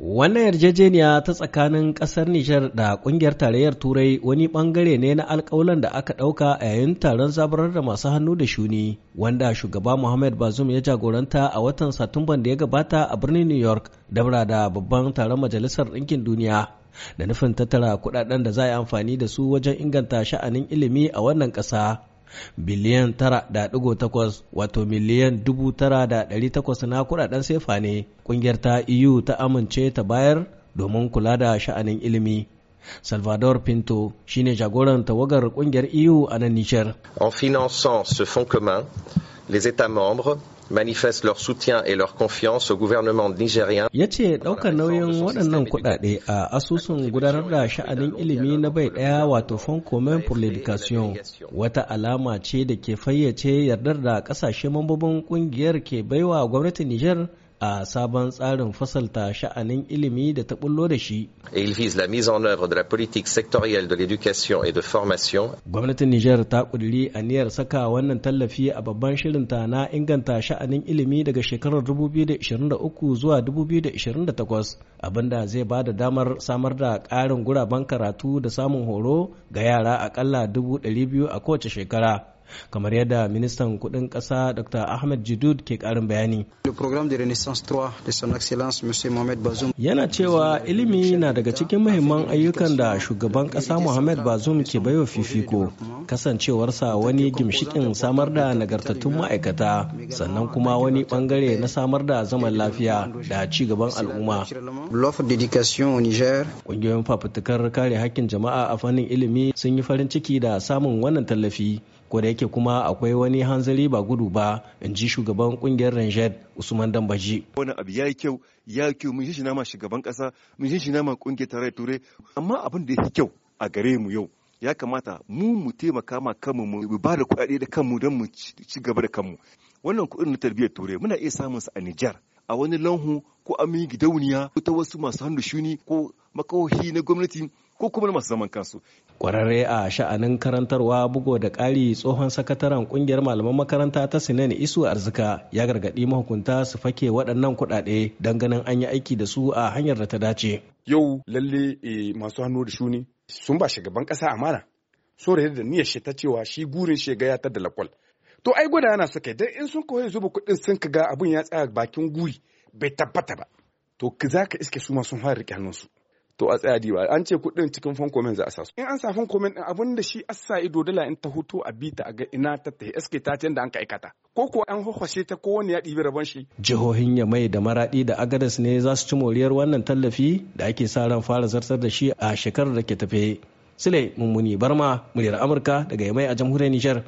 Wannan yarjejeniya ta tsakanin ƙasar Nijar da ƙungiyar tarayyar Turai wani ɓangare ne na alƙawalan da aka ɗauka a yayin taron zabarar da masu hannu da shuni, wanda shugaba Muhammad Bazum ya jagoranta a watan Satumban da ya gabata a birnin New York, dabra da babban taron Majalisar Ɗinkin Duniya. Da nufin tattara kuɗaɗen da za a yi amfani da su wajen inganta sha'anin ilimi a wannan ƙasa. biliyan 9.8 wato miliyan 9,800 na kudaden sefa ne kungiyar ta EU ta amince ta bayar domin kula da sha'anin ilimi. Salvador Pinto shine jagoran tawagar kungiyar EU a nan Nijar. En finançant ce fonds commun, les États membres manifestent leur soutien et leur confiance au gouvernement nigérien. Ya ce ɗaukar nauyin waɗannan kuɗaɗe a asusun gudanar da sha'anin ilimi na bai ɗaya wato Fond Commun pour l'Education wata alama ce da ke fayyace yardar da ƙasashe mambobin ƙungiyar ke baiwa gwamnatin Nijar a sabon tsarin fasalta sha'anin ilimi da ta bullo da shi. Il la mise en œuvre de la politique sectorielle de l'éducation et de formation. Gwamnatin Nijar ta a aniyar saka wannan tallafi a babban shirinta na inganta sha'anin ilimi daga shekarar 2023 zuwa 2028 abinda zai ba da damar samar da ƙarin guraben karatu da samun horo ga yara akalla 200,000 a kowace shekara. kamar yadda ministan kudin kasa dr ahmed jidud ke karin bayani yana cewa ilimi na daga cikin muhimman ayyukan da shugaban kasa muhammad bazoum ke baiwa fifiko kasancewarsa wani gimshikin samar da nagartattun ma'aikata sannan kuma wani bangare na samar da zaman lafiya da ci gaban al'umma ƙungiyoyin fafutukar kare hakkin jama'a a fannin ilimi sun yi farin ciki da samun wannan tallafi ko da yake kuma akwai wani hanzari ba gudu ba in ji shugaban kungiyar ranger usman dambaji wani abu ya yi kyau ya yi kyau mun shi shugaban kasa mun shi ma kungiyar tarayyar turai amma abin da ya fi kyau a gare mu yau ya kamata mu mu taimaka ma kanmu mu ba da kuɗaɗe da kanmu don mu ci gaba da kanmu wannan kuɗin na tarbiyyar turai muna iya samun su a Nijar a wani lanhu ko amin gidauniya ko ta wasu masu hannu shuni ko makawahi na gwamnati ko kuma masu zaman kansu kwararre a sha'anin karantarwa bugo da ƙari tsohon sakataren kungiyar malaman makaranta ta sinani isu arzika ya gargaɗi mahukunta su fake waɗannan kuɗaɗe don ganin an yi aiki da su a hanyar da ta dace yau lalle eh, masu hannu da shuni sun ba shugaban ƙasa amana so da niyyar shi ta cewa shi gurin shi ga ya ta da lakwal to ai gwada yana suka dan in sun kawai zuba kuɗin sun ka ga abin ya tsaya bakin guri bai tabbata ba to za ka iske su ma sun fara rike hannunsu to a tsaya diwa an ce kuɗin cikin fan komen za a sa su in an sa fan komen din abin da shi assa ido dala in ta hutu a bita a ga ina ta ta eske ta ce da an ka aikata ko kuwa an hwahwashe ta ko wani ya ɗibi rabon shi jihohin Yamai da maraɗi da Agadas ne za su ci moriyar wannan tallafi da ake sa ran fara zartar da shi a shekarar da ke tafe Sule Mummuni Barma, muryar Amurka daga Yamai a jamhuriyar Nijar.